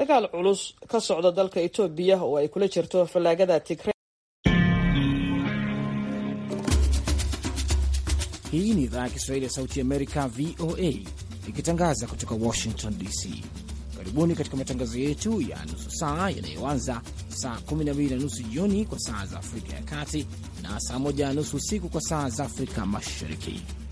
dagaal culus ka socda dalka etoobiya oo ay kula jirto fallaagada tigre Hii ni idhaa ya Kiswahili ya Sauti Amerika, VOA, ikitangaza kutoka Washington DC. Karibuni katika matangazo yetu ya nusu saa yanayoanza saa 12 na nusu jioni kwa saa za Afrika ya Kati na saa 1 na nusu usiku kwa saa za Afrika Mashariki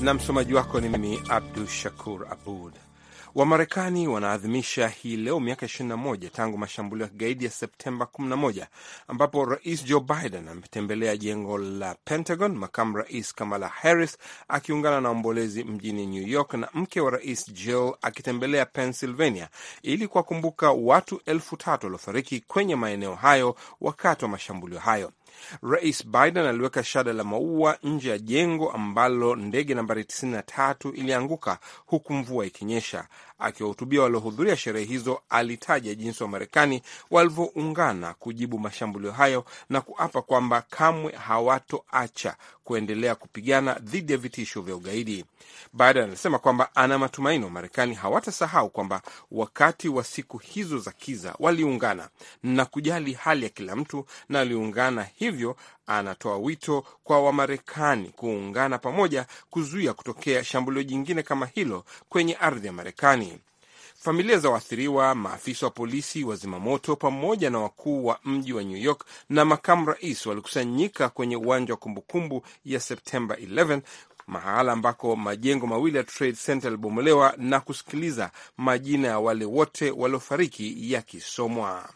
na msomaji wako ni mimi Abdu Shakur Abud. Wamarekani wanaadhimisha hii leo miaka 21 tangu mashambulio ya kigaidi ya Septemba 11 ambapo rais Joe Biden ametembelea jengo la Pentagon, makamu rais Kamala Harris akiungana na waombolezi mjini New York na mke wa rais Jill akitembelea Pennsylvania ili kuwakumbuka watu elfu tatu waliofariki kwenye maeneo hayo wakati wa mashambulio hayo. Rais Biden aliweka shada la maua nje ya jengo ambalo ndege nambari 93 ilianguka huku mvua ikinyesha. Akiwahutubia waliohudhuria sherehe hizo, alitaja jinsi Wamarekani walivyoungana kujibu mashambulio hayo na kuapa kwamba kamwe hawatoacha kuendelea kupigana dhidi ya vitisho vya ugaidi. Biden anasema kwamba ana matumaini wa marekani hawatasahau kwamba wakati wa siku hizo za kiza waliungana na kujali hali ya kila mtu na waliungana hivyo anatoa wito kwa Wamarekani kuungana pamoja kuzuia kutokea shambulio jingine kama hilo kwenye ardhi ya Marekani. Familia za waathiriwa, maafisa wa polisi, wazimamoto, pamoja na wakuu wa mji wa New York na makamu rais walikusanyika kwenye uwanja wa kumbukumbu ya Septemba 11 mahala ambako majengo mawili ya Trade Center yalibomolewa na kusikiliza majina ya wale wote waliofariki yakisomwa.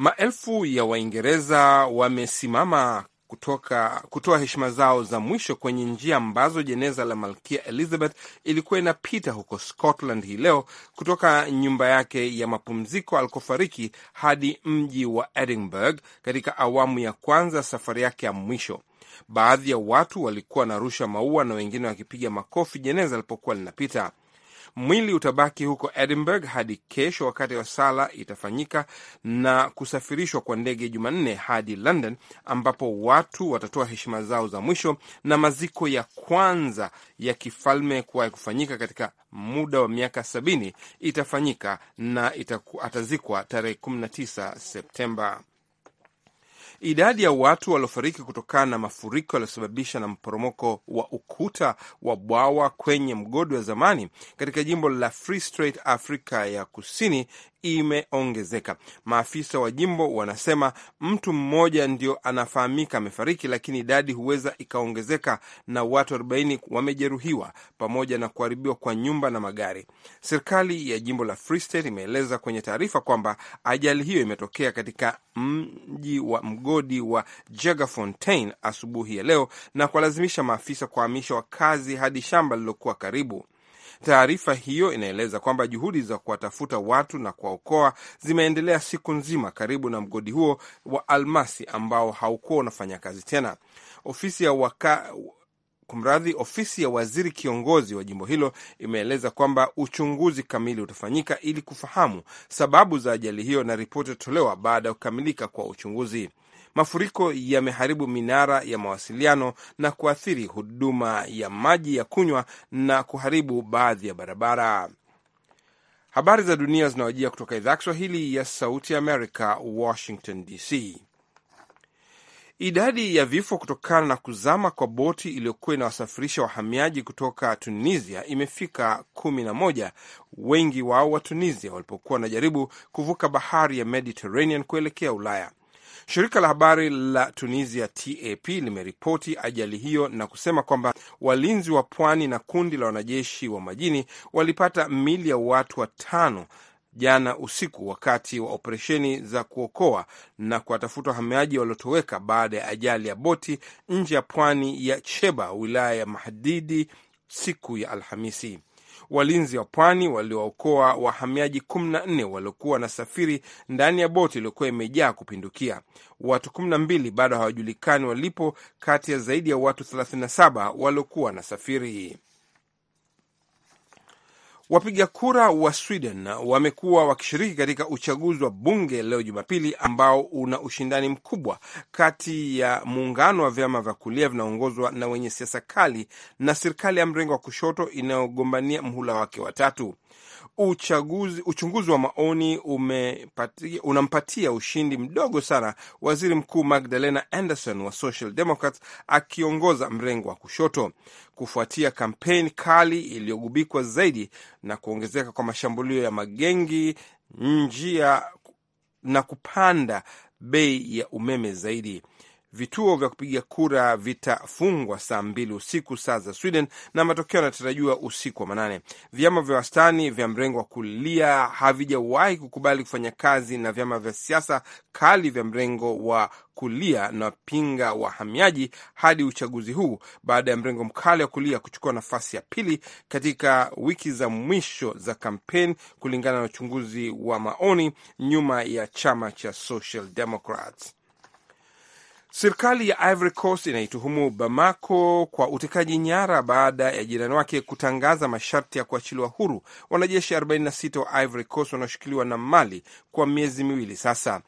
Maelfu ya Waingereza wamesimama kutoka kutoa heshima zao za mwisho kwenye njia ambazo jeneza la malkia Elizabeth ilikuwa inapita huko Scotland hii leo kutoka nyumba yake ya mapumziko alikofariki hadi mji wa Edinburgh katika awamu ya kwanza safari yake ya mwisho. Baadhi ya watu walikuwa wanarusha maua na wengine wakipiga makofi jeneza lilipokuwa linapita. Mwili utabaki huko Edinburgh hadi kesho, wakati wa sala itafanyika na kusafirishwa kwa ndege Jumanne hadi London, ambapo watu watatoa heshima zao za mwisho na maziko ya kwanza ya kifalme kuwahi kufanyika katika muda wa miaka sabini itafanyika na atazikwa tarehe 19 Septemba. Idadi ya watu waliofariki kutokana na mafuriko yaliyosababishwa na mporomoko wa ukuta wa bwawa kwenye mgodi wa zamani katika jimbo la Free State Afrika ya Kusini imeongezeka. Maafisa wa jimbo wanasema mtu mmoja ndio anafahamika amefariki, lakini idadi huweza ikaongezeka na watu 40 wamejeruhiwa pamoja na kuharibiwa kwa nyumba na magari. Serikali ya jimbo la Free State imeeleza kwenye taarifa kwamba ajali hiyo imetokea katika mji wa mgodi wa Jagafontein asubuhi ya leo na kuwalazimisha maafisa kuhamisha wakazi hadi shamba lililokuwa karibu. Taarifa hiyo inaeleza kwamba juhudi za kuwatafuta watu na kuwaokoa zimeendelea siku nzima karibu na mgodi huo wa almasi ambao haukuwa unafanya kazi tena. Ofisi ya waka Kumradhi, ofisi ya waziri kiongozi wa jimbo hilo imeeleza kwamba uchunguzi kamili utafanyika ili kufahamu sababu za ajali hiyo, na ripoti itatolewa baada ya kukamilika kwa uchunguzi. Mafuriko yameharibu minara ya mawasiliano na kuathiri huduma ya maji ya kunywa na kuharibu baadhi ya barabara. Habari za dunia zinawajia kutoka idhaa Kiswahili ya Sauti Amerika, Washington DC. Idadi ya vifo kutokana na kuzama kwa boti iliyokuwa inawasafirisha wahamiaji kutoka Tunisia imefika kumi na moja, wengi wao wa Tunisia walipokuwa wanajaribu kuvuka bahari ya Mediterranean kuelekea Ulaya. Shirika la habari la Tunisia TAP limeripoti ajali hiyo na kusema kwamba walinzi wa pwani na kundi la wanajeshi wa majini walipata mili ya watu watano jana usiku wakati wa operesheni za kuokoa na kuwatafuta wahamiaji waliotoweka baada ya ajali ya boti nje ya pwani ya Cheba, wilaya ya Mahdidi siku ya Alhamisi walinzi wa pwani waliookoa wahamiaji kumi na nne waliokuwa wanasafiri ndani ya boti iliyokuwa imejaa kupindukia. Watu kumi na mbili bado hawajulikani walipo kati ya zaidi ya watu 37 waliokuwa wanasafiri. Wapiga kura wa Sweden wamekuwa wakishiriki katika uchaguzi wa bunge leo Jumapili, ambao una ushindani mkubwa kati ya muungano wa vyama vya kulia vinaongozwa na wenye siasa kali na serikali ya mrengo wa kushoto inayogombania mhula wake watatu uchaguzi, uchunguzi wa maoni unampatia ushindi mdogo sana waziri mkuu Magdalena Anderson wa Social Democrats akiongoza mrengo wa kushoto kufuatia kampeni kali iliyogubikwa zaidi na kuongezeka kwa mashambulio ya magengi njia na kupanda bei ya umeme zaidi. Vituo vya kupiga kura vitafungwa saa mbili usiku saa za Sweden, na matokeo yanatarajiwa usiku wa manane. Vyama vya wastani vya mrengo wa kulia havijawahi kukubali kufanya kazi na vyama vya siasa kali vya mrengo wa kulia na pinga wahamiaji hadi uchaguzi huu, baada ya mrengo mkali wa kulia kuchukua nafasi ya pili katika wiki za mwisho za kampeni, kulingana na uchunguzi wa maoni, nyuma ya chama cha Social Democrats. Serikali ya Ivory Coast inaituhumu Bamako kwa utekaji nyara baada ya jirani wake kutangaza masharti ya kuachiliwa huru wanajeshi 46 wa Ivory Coast wanaoshikiliwa na Mali kwa miezi miwili sasa.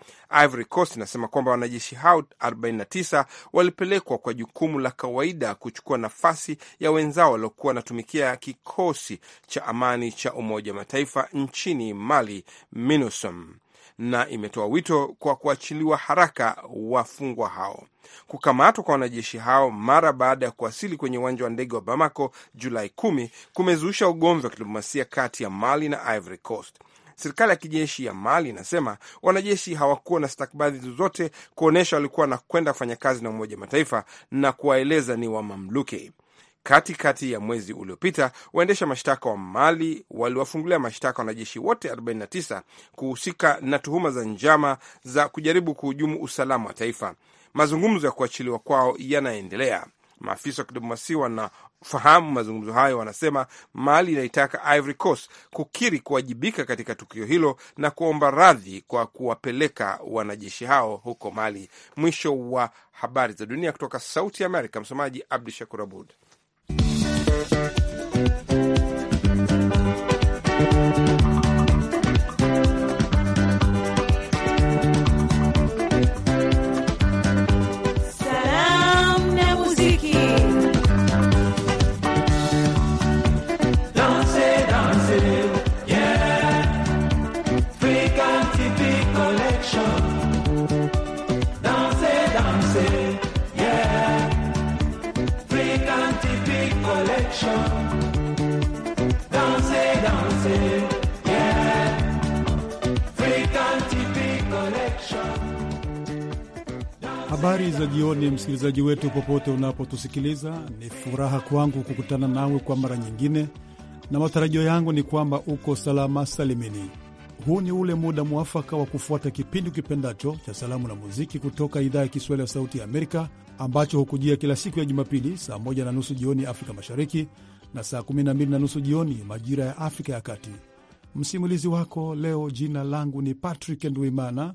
Ivory Coast inasema kwamba wanajeshi hao 49 walipelekwa kwa jukumu la kawaida kuchukua nafasi ya wenzao waliokuwa wanatumikia kikosi cha amani cha Umoja wa Mataifa nchini Mali, MINUSOM na imetoa wito kwa kuachiliwa haraka wafungwa hao. Kukamatwa kwa wanajeshi hao mara baada ya kuwasili kwenye uwanja wa ndege wa Bamako Julai kumi kumezusha ugomvi wa kidiplomasia kati ya Mali na Ivory Coast. Serikali ya kijeshi ya Mali inasema wanajeshi hawakuwa na stakabadhi zozote kuonyesha walikuwa wanakwenda kufanya kazi na Umoja Mataifa na kuwaeleza ni wamamluki. Katikati kati ya mwezi uliopita, waendesha mashtaka wa Mali waliwafungulia mashtaka wanajeshi wote 49 kuhusika na tuhuma za njama za kujaribu kuhujumu usalama wa taifa. Mazungumzo ya kuachiliwa kwao yanaendelea. Maafisa wa kidiplomasia wanafahamu mazungumzo hayo, wanasema Mali inaitaka Ivory Coast kukiri kuwajibika katika tukio hilo na kuomba radhi kwa kuwapeleka wanajeshi hao huko Mali. Mwisho wa habari za dunia kutoka Sauti ya Amerika. Msomaji Abdu Shakur Abud. Thank you. Habari za jioni, msikilizaji wetu popote unapotusikiliza. Ni furaha kwangu kukutana nawe kwa mara nyingine, na matarajio yangu ni kwamba uko salama salimini. Huu ni ule muda mwafaka wa kufuata kipindi kipendacho cha salamu na muziki kutoka idhaa ya Kiswahili ya Sauti ya Amerika, ambacho hukujia kila siku ya Jumapili saa moja na nusu jioni Afrika Mashariki na saa kumi na mbili na nusu jioni majira ya Afrika ya Kati. Msimulizi wako leo, jina langu ni Patrick Nduimana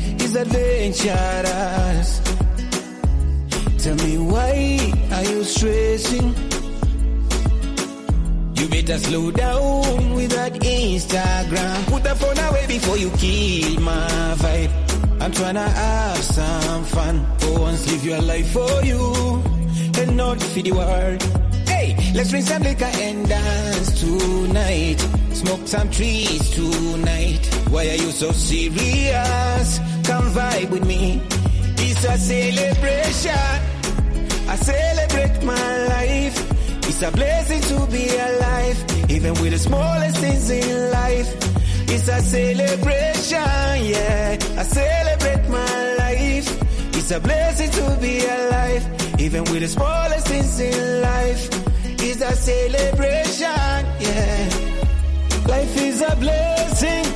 these Tell me why are you stressing? You better slow down with that Instagram. Put the phone away before you kill my vibe. I'm trying to have some fun. For once, live your life for you and not for the world. Hey, let's drink some liquor and dance tonight. Smoke some trees tonight. Why are you so serious? Come vibe with me. It's a celebration. I celebrate my life. It's a blessing to be alive, even with the smallest things in life. It's a celebration, yeah. I celebrate my life. It's a blessing to be alive, even with the smallest things in life. It's a celebration, yeah. Life is a blessing.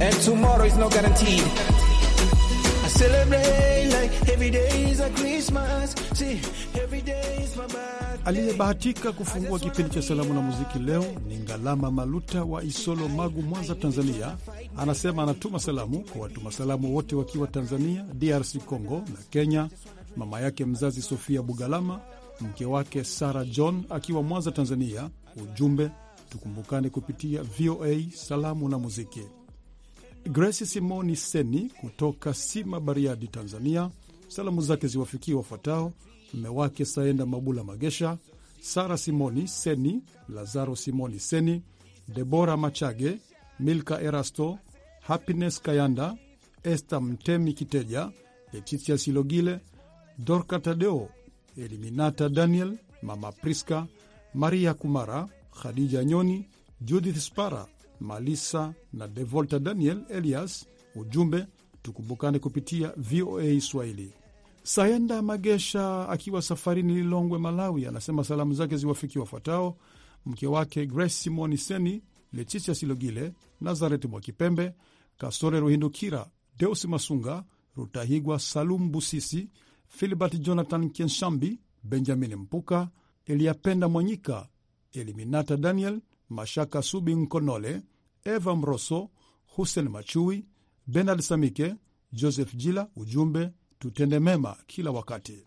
and tomorrow is no guaranteed. I celebrate like every day is a Christmas. See, every day is my birthday. Aliyebahatika kufungua kipindi cha salamu na muziki leo ni Ngalama Maluta wa Isolo, Magu, Mwanza, Tanzania. Anasema anatuma salamu kwa watuma salamu wote wakiwa Tanzania, DRC Congo na Kenya, mama yake mzazi Sofia Bugalama, mke wake Sara John akiwa Mwanza, Tanzania. Ujumbe tukumbukane kupitia VOA salamu na muziki. Grace Simoni Seni kutoka Sima, Bariadi, Tanzania. Salamu zake ziwafikie wafuatao: mme wake Saenda Mabula Magesha, Sara Simoni Seni, Lazaro Simoni Seni, Debora Machage, Milka Erasto, Happiness Kayanda, este Mtemi Kiteja, Letitia Silogile, Dorka Tadeo, Eliminata Daniel, Mama Priska, Maria Kumara, Khadija Nyoni, Judith Spara Malisa na Devolta Daniel Elias. Ujumbe tukumbukane kupitia VOA Swahili. Sayenda Magesha akiwa safarini Lilongwe, Malawi, anasema salamu zake ziwafiki wafuatao: mke wake Grace Simoni Seni, Lechicha Silogile, Nazareti Mwakipembe, Kasore Ruhindukira, Deusi Masunga, Rutahigwa Salum Busisi, Filibert Jonathan Kenshambi, Benjamin Mpuka, Eliapenda Mwanyika, Eliminata Daniel Mashaka Subi Nkonole, Eva Mroso, Hussein Machui, Benard Samike, Joseph Jila. Ujumbe tutende mema kila wakati.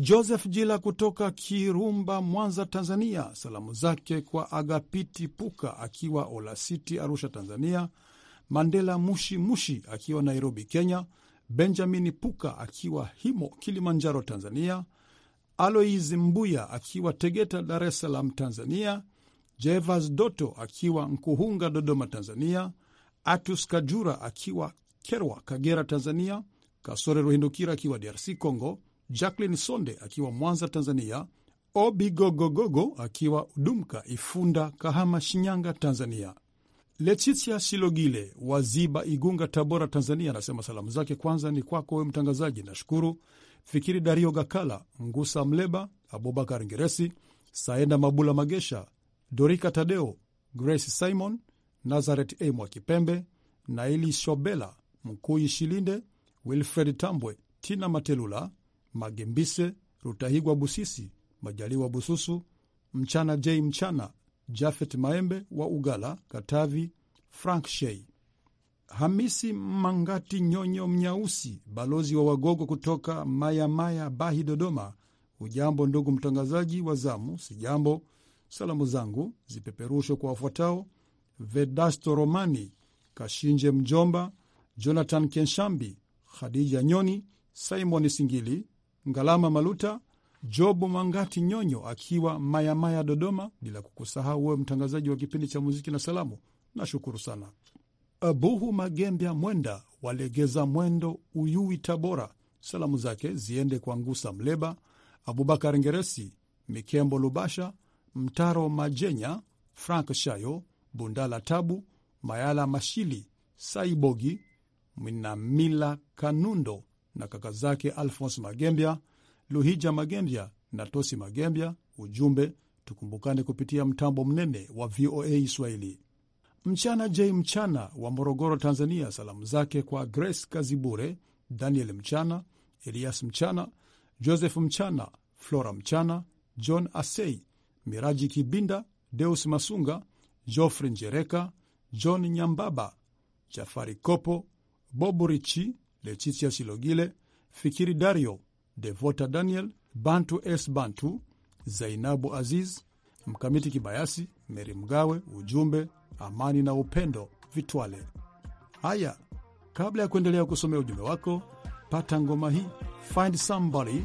Joseph Jila kutoka Kirumba, Mwanza, Tanzania, salamu zake kwa Agapiti Puka akiwa Olasiti, Arusha, Tanzania, Mandela Mushi Mushi akiwa Nairobi, Kenya, Benjamini Puka akiwa Himo, Kilimanjaro, Tanzania, Alois Mbuya akiwa Tegeta, Dar es Salaam, Tanzania, Jevas Doto akiwa Nkuhunga, Dodoma, Tanzania, Atus Kajura akiwa Kerwa, Kagera, Tanzania, Kasore Ruhindukira akiwa DRC Congo, Jacqueline Sonde akiwa Mwanza, Tanzania, Obigogogogo akiwa Dumka, Ifunda, Kahama, Shinyanga, Tanzania. Letitia Silogile waziba Igunga, Tabora, Tanzania, anasema salamu zake kwanza ni kwako wewe mtangazaji, nashukuru. Fikiri Dario Gakala, Ngusa Mleba, Abubakar Ngeresi, Saenda Mabula Magesha, Dorika Tadeo, Grace Simon, Nazaret A Mwakipembe, Naili Shobela, Mkuyi Shilinde, Wilfred Tambwe, Tina Matelula, Magembise Rutahigwa, Busisi Majaliwa, Bususu Mchana J Mchana, Jafet Maembe wa Ugala, Katavi, Frank Shei, Hamisi Mangati Nyonyo Mnyausi, balozi wa Wagogo kutoka Mayamaya Bahi, Dodoma. Ujambo ndugu mtangazaji wa zamu, sijambo. Salamu zangu zipeperushwe kwa wafuatao: Vedasto Romani, Kashinje Mjomba, Jonathan Kenshambi, Khadija Nyoni, Simon Singili, Ngalama Maluta, Jobu Mangati Nyonyo akiwa Mayamaya Maya, Dodoma, bila kukusahau wewe mtangazaji wa kipindi cha muziki na salamu. Nashukuru sana. Abuhu Magembya Mwenda walegeza mwendo Uyui, Tabora, salamu zake ziende kwa Ngusa Mleba, Abubakar Ngeresi, Mikembo Lubasha, Mtaro Majenya, Frank Shayo, Bundala Tabu, Mayala Mashili, Saibogi Mwinamila Kanundo na kaka zake alfons Magembya, Luhija Magembya na Tosi Magembya. Ujumbe, tukumbukane kupitia mtambo mnene wa VOA Swahili. Mchana J Mchana wa Morogoro, Tanzania, salamu zake kwa Grace Kazibure, Daniel Mchana, Elias Mchana, Joseph Mchana, Flora Mchana, John Asei Miraji Kibinda, Deus Masunga, Geoffrey Njereka, John Nyambaba, Jafari Kopo, Bobu Richi, Letitia Silogile, Fikiri Dario, Devota Daniel, Bantu S Bantu, Zainabu Aziz, Mkamiti Kibayasi, Meri Mgawe. Ujumbe amani na upendo vitwale. Haya, kabla ya kuendelea kusomea ujumbe wako, pata ngoma hii, Find Somebody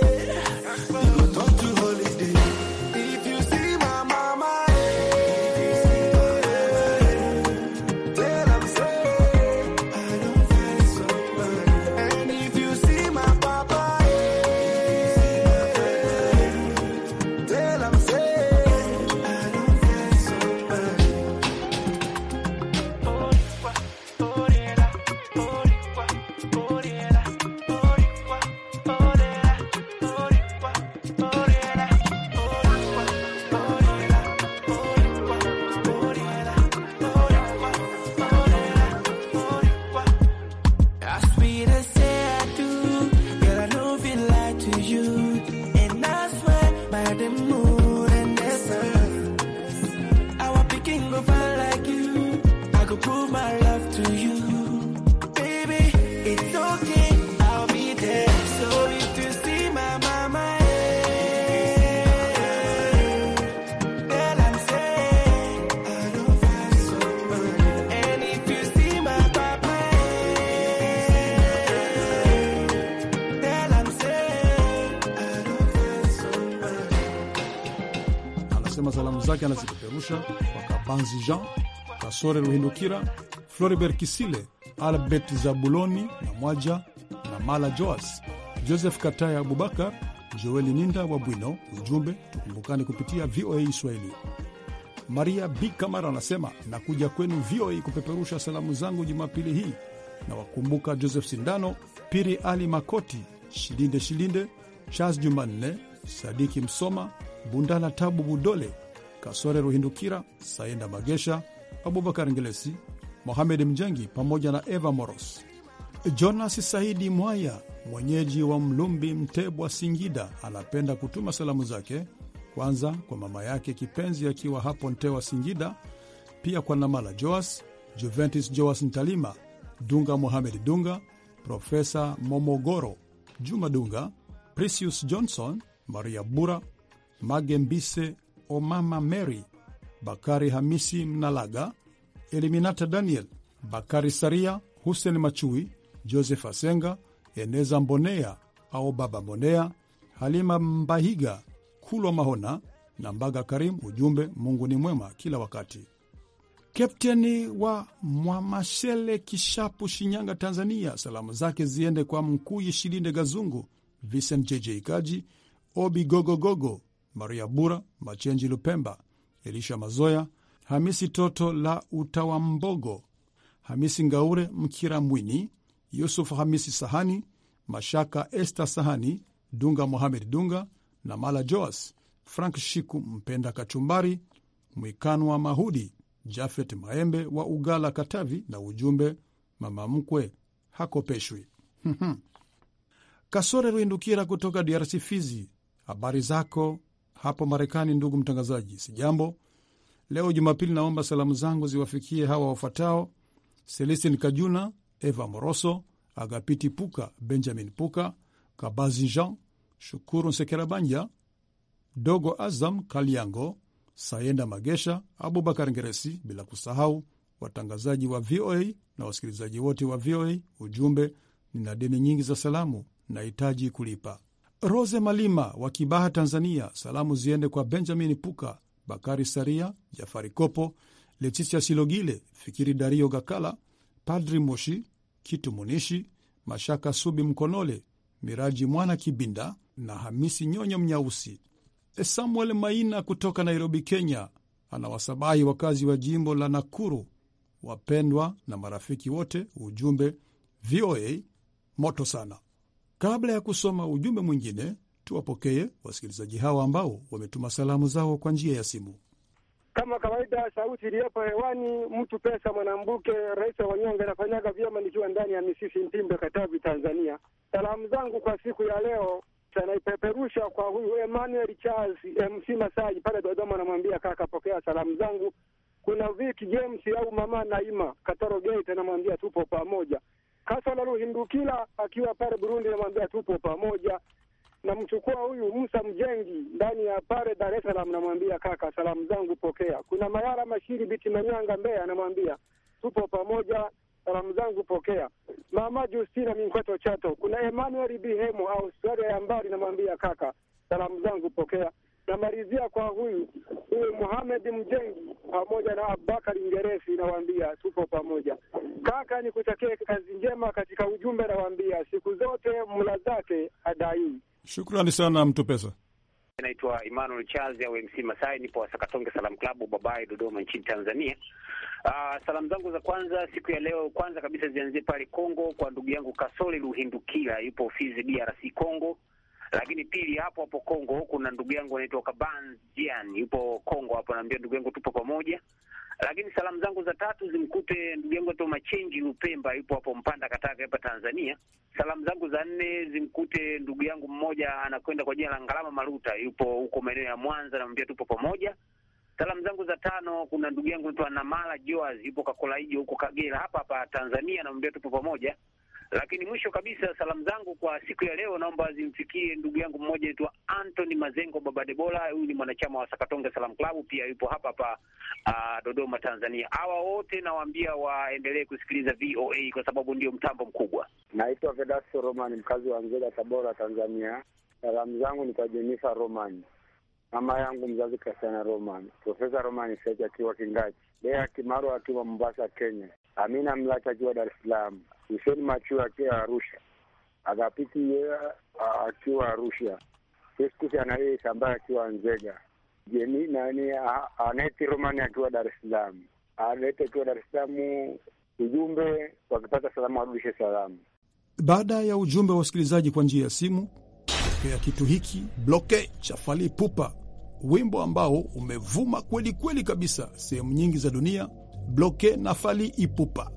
zake anazipeperusha kwa Kapanzi Jean, Kasore Ruhindukira, Floribert Kisile, Albert Zabuloni na Mwaja na Mala Joas, Joseph Kataya Abubakar, Joeli Ninda wa Bwino. Ujumbe, tukumbukane kupitia VOA Swahili. Maria B Kamara anasema nakuja kwenu VOA kupeperusha salamu zangu Jumapili hii na wakumbuka Joseph Sindano, Piri Ali Makoti, Shilinde Shilinde, Charles Jumanne, Sadiki Msoma, Bundala Tabu Budole, Kasore Ruhindukira, Saenda Magesha, Abubakar Ngelesi, Mohamed Mjengi pamoja na Eva Moros. Jonas Saidi Mwaya, mwenyeji wa Mlumbi, Mtebwa, Singida, anapenda kutuma salamu zake kwanza kwa mama yake kipenzi akiwa ya hapo Ntewa, Singida, pia kwa Namala Joas, Juventus Joas Ntalima, Dunga Mohamed Dunga, Profesa Momogoro, Juma Dunga, Precious Johnson, Maria Bura, Magembise Omama Mary, Bakari Hamisi Mnalaga, Eliminata Daniel, Bakari Saria, Hussein Machui, Joseph Asenga, Eneza Mbonea au Baba Mbonea, Halima Mbahiga, Kulwa Mahona na Mbaga Karim. Ujumbe, Mungu ni mwema kila wakati. Kapteni wa Mwamashele, Kishapu, Shinyanga, Tanzania, salamu zake ziende kwa Mkuu Shilinde, Gazungu, Vincent JJ Kaji, Obi Gogogogo, Maria Bura, Machenji Lupemba, Elisha Mazoya, Hamisi Toto la Utawambogo, Hamisi Ngaure Mkira Mwini, Yusuf Hamisi Sahani, Mashaka Esta Sahani, Dunga Mohamed Dunga na Mala Joas, Frank Shiku Mpenda Kachumbari, Mwikanwa Mahudi, Jafet Maembe wa Ugala Katavi, na ujumbe mama mkwe hakopeshwi. Kasore Ruindukira kutoka DRC Fizi, habari zako hapo Marekani. Ndugu mtangazaji, si jambo Leo Jumapili, naomba salamu zangu ziwafikie hawa wafuatao: Celestin Kajuna, Eva Moroso, Agapiti Puka, Benjamin Puka, Kabazi Jean, Shukuru Nsekerabanja, Dogo Azam Kaliango, Sayenda Magesha, Abubakar Ngeresi, bila kusahau watangazaji wa VOA na wasikilizaji wote wa VOA. Ujumbe, nina deni nyingi za salamu, nahitaji kulipa. Rose Malima wa Kibaha, Tanzania. Salamu ziende kwa Benjamin Puka, Bakari Saria, Jafari Kopo, Leticia Silogile, Fikiri Dario Gakala, Padri Moshi Kitu Munishi, Mashaka Subi Mkonole, Miraji Mwana Kibinda na Hamisi Nyonyo Mnyausi. Samuel Maina kutoka Nairobi, Kenya, anawasabahi wakazi wa jimbo la Nakuru, wapendwa na marafiki wote. Ujumbe VOA moto sana. Kabla ya kusoma ujumbe mwingine, tuwapokee wasikilizaji hawa ambao wametuma salamu zao kwa njia ya simu. Kama kawaida, sauti iliyopo hewani, mtu pesa Mwanambuke, rais wa wanyonge, anafanyaga vyema nikiwa ndani ya misisi Mtimbe, Katavi, Tanzania. Salamu zangu kwa siku ya leo tanaipeperusha kwa huyu Emmanuel Charles MC Masaji pale Dodoma, anamwambia kaka, pokea salamu zangu. Kuna Viki James au mama Naima Katoro Gate, anamwambia tupo pamoja. Kasana Ruhindukila akiwa pale Burundi, namwambia tupo pamoja. Namchukua huyu Musa Mjengi ndani ya pale Dar es Salaam, namwambia kaka, salamu zangu pokea. Kuna Mayara Mashiri Biti Manyanga Mbeya, namwambia tupo pamoja, salamu zangu pokea. Mama Justina Minkweto Chato, kuna Emmanuel Bihemo Australia ya mbali, namwambia kaka, salamu zangu pokea. Namalizia kwa huyu huyu Muhamed Mjengi pamoja na Abubakari Ngerefi, nawaambia tupo pamoja. Marekani kutakia kazi njema. Katika ujumbe nawaambia siku zote mula zake adai. Shukrani sana mtu pesa. Naitwa Emmanuel Charles au MC Masai, nipo Wasakatonge Salam Klabu Babaye, Dodoma nchini Tanzania. Uh, ah, salamu zangu za kwanza siku ya leo, kwanza kabisa zianzie pale Kongo kwa ndugu yangu Kasole Luhindukila, yupo Fizi DRC Kongo. Lakini pili, hapo hapo Kongo kuna ndugu yangu anaitwa Kabanzian, yupo Kongo hapo, naambia ndugu yangu tupo pamoja. Lakini salamu zangu za tatu zimkute ndugu yangu Toma Chenji Lupemba, yupo hapo Mpanda Katavi hapa Tanzania. Salamu zangu za nne zimkute ndugu yangu mmoja anakwenda kwa jina la Ngalama Maruta, yupo huko maeneo ya Mwanza, namwambia tupo pamoja. Salamu zangu za tano, kuna ndugu yangu naitwa Namala Joas, yupo Kakolaiji huko Kagera hapa hapa Tanzania, namwambia tupo pamoja. Lakini mwisho kabisa, salamu zangu kwa siku ya leo naomba zimfikie ndugu yangu mmoja aitwa Anthony Mazengo Baba Debola. Huyu ni mwanachama wa Sakatonge Salam Club, pia yupo hapa hapa uh, Dodoma, Tanzania. Hawa wote nawaambia waendelee kusikiliza VOA kwa sababu ndio mtambo mkubwa. Naitwa Vedasto Roman, mkazi wa Nzega, Tabora, Tanzania. Salamu zangu ni kwa Jenifa Roman, mama yangu mzazi Kristiana Roman, Profesa Roman Secha akiwa Kingachi, Lea Kimaro akiwa Mombasa, Kenya, Amina Mlaki akiwa Dar es Salaam, Hussein Machu akiwa Arusha, akapiti yeye akiwa Arusha, Festus Anaye Sambaya akiwa Nzega, Jeni nani Aneti Romani akiwa Dar es Salaam, akiwa Dar es Salaam. Ujumbe wakipata salamu warudishe salamu. Baada ya ujumbe wa wasikilizaji kwa njia ya simu, kea kitu hiki bloke cha fali pupa wimbo ambao umevuma kweli kweli kabisa sehemu nyingi za dunia bloquer Nafali Ipupa.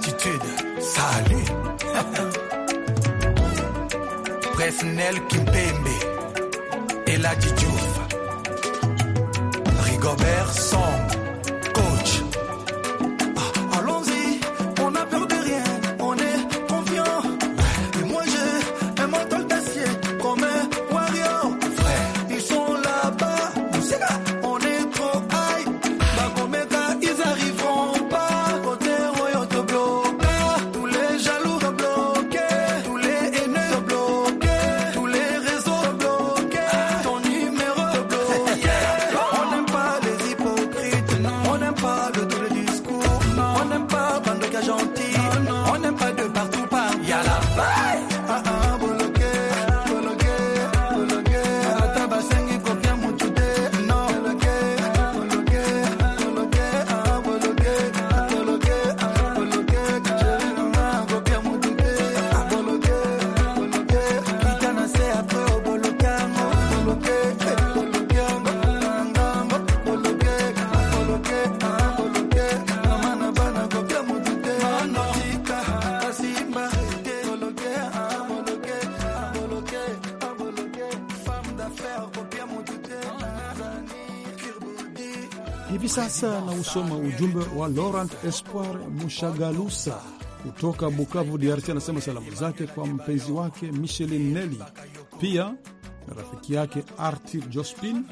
attitude, salut. Bref, Nel Kimpembe et la Diouf. Rigobert Song. sasa usoma ujumbe wa Laurent Espoir Mushagalusa kutoka Bukavu, DRC. Anasema salamu zake kwa mpenzi wake Michelin Neli, pia na rafiki yake Arthur Jospin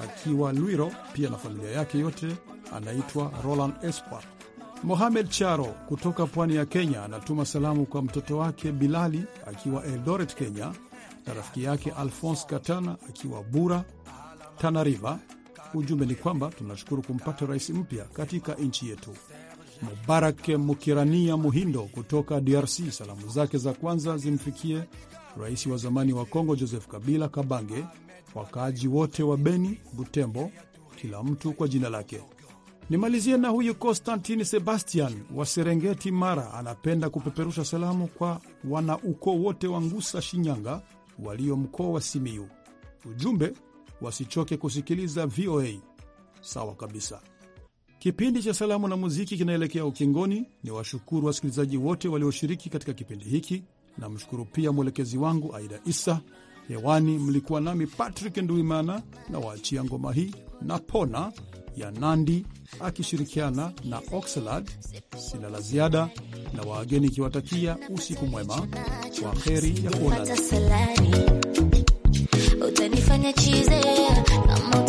akiwa Lwiro, pia na familia yake yote. Anaitwa Roland Espoir. Mohamed Charo kutoka pwani ya Kenya anatuma salamu kwa mtoto wake Bilali akiwa Eldoret, Kenya, na rafiki yake Alphonse Katana akiwa Bura Tanariva Ujumbe ni kwamba tunashukuru kumpata rais mpya katika nchi yetu. Mubarak Mukirania Muhindo kutoka DRC, salamu zake za kwanza zimfikie rais wa zamani wa Kongo Joseph Kabila Kabange, wakaaji wote wa Beni, Butembo, kila mtu kwa jina lake. Nimalizie na huyu Konstantini Sebastian wa Serengeti, Mara. Anapenda kupeperusha salamu kwa wanaukoo wote wa Ngusa, Shinyanga, walio mkoa wa Simiyu. Ujumbe wasichoke kusikiliza VOA. Sawa kabisa. Kipindi cha salamu na muziki kinaelekea ukingoni. Ni washukuru wasikilizaji wote walioshiriki katika kipindi hiki. Namshukuru pia mwelekezi wangu Aida Isa. Hewani mlikuwa nami Patrick Nduimana, na waachia ngoma hii na pona ya Nandi akishirikiana na Oxlad. Sina la ziada na waageni, ikiwatakia usiku mwema, kwa heri ya kuonana utanifanya chize kama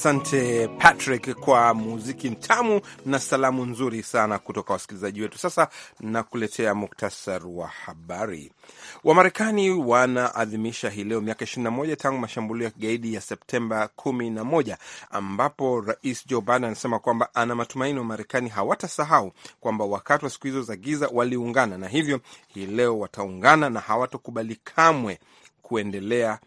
Asante Patrick kwa muziki mtamu na salamu nzuri sana kutoka wasikilizaji wetu. Sasa nakuletea muktasar wa habari. Wamarekani wanaadhimisha hii leo miaka 21 tangu mashambulio ya kigaidi ya Septemba 11 ambapo Rais Joe Biden anasema kwamba ana matumaini Wamarekani hawatasahau kwamba wakati wa siku hizo za giza waliungana, na hivyo hii leo wataungana na hawatokubali kamwe kuendelea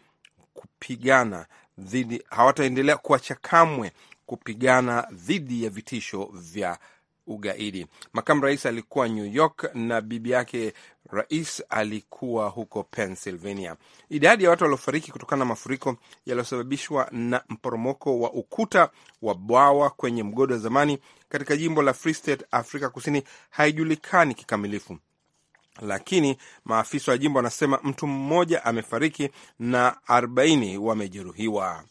kupigana dhidi, hawataendelea kuacha kamwe kupigana dhidi ya vitisho vya ugaidi. Makamu rais alikuwa New York na bibi yake rais alikuwa huko Pennsylvania. Idadi ya watu waliofariki kutokana na mafuriko yaliyosababishwa na mporomoko wa ukuta wa bwawa kwenye mgodi wa zamani katika jimbo la Free State, Afrika Kusini, haijulikani kikamilifu lakini maafisa wa jimbo wanasema mtu mmoja amefariki na 40 wamejeruhiwa.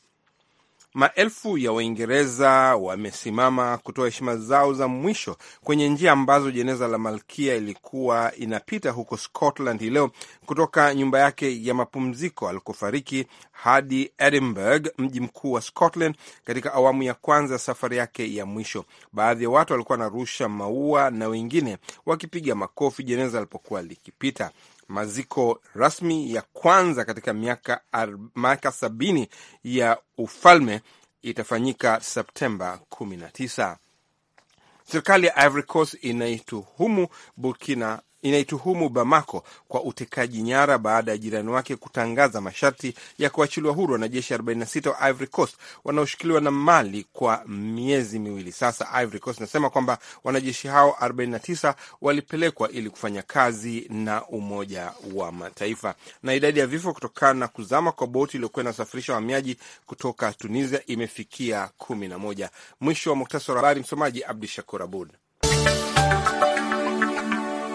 Maelfu ya Waingereza wamesimama kutoa heshima zao za mwisho kwenye njia ambazo jeneza la malkia ilikuwa inapita huko Scotland hii leo kutoka nyumba yake ya mapumziko alikofariki hadi Edinburgh, mji mkuu wa Scotland, katika awamu ya kwanza ya safari yake ya mwisho. Baadhi ya watu walikuwa wanarusha maua na wengine wakipiga makofi jeneza alipokuwa likipita maziko rasmi ya kwanza katika miaka, miaka sabini ya ufalme itafanyika Septemba 19. Serikali ya Ivory Coast inaituhumu Burkina inaituhumu Bamako kwa utekaji nyara baada ya jirani wake kutangaza masharti ya kuachiliwa huru wanajeshi 46 wa Ivory Coast wanaoshikiliwa na Mali kwa miezi miwili sasa. Ivory Coast inasema kwamba wanajeshi hao 49 walipelekwa ili kufanya kazi na Umoja wa Mataifa. Na idadi ya vifo kutokana na kuzama kwa boti iliyokuwa inasafirisha wahamiaji kutoka Tunisia imefikia 11. Mwisho wa muktasari wa habari. Msomaji Abdu Shakur Abud.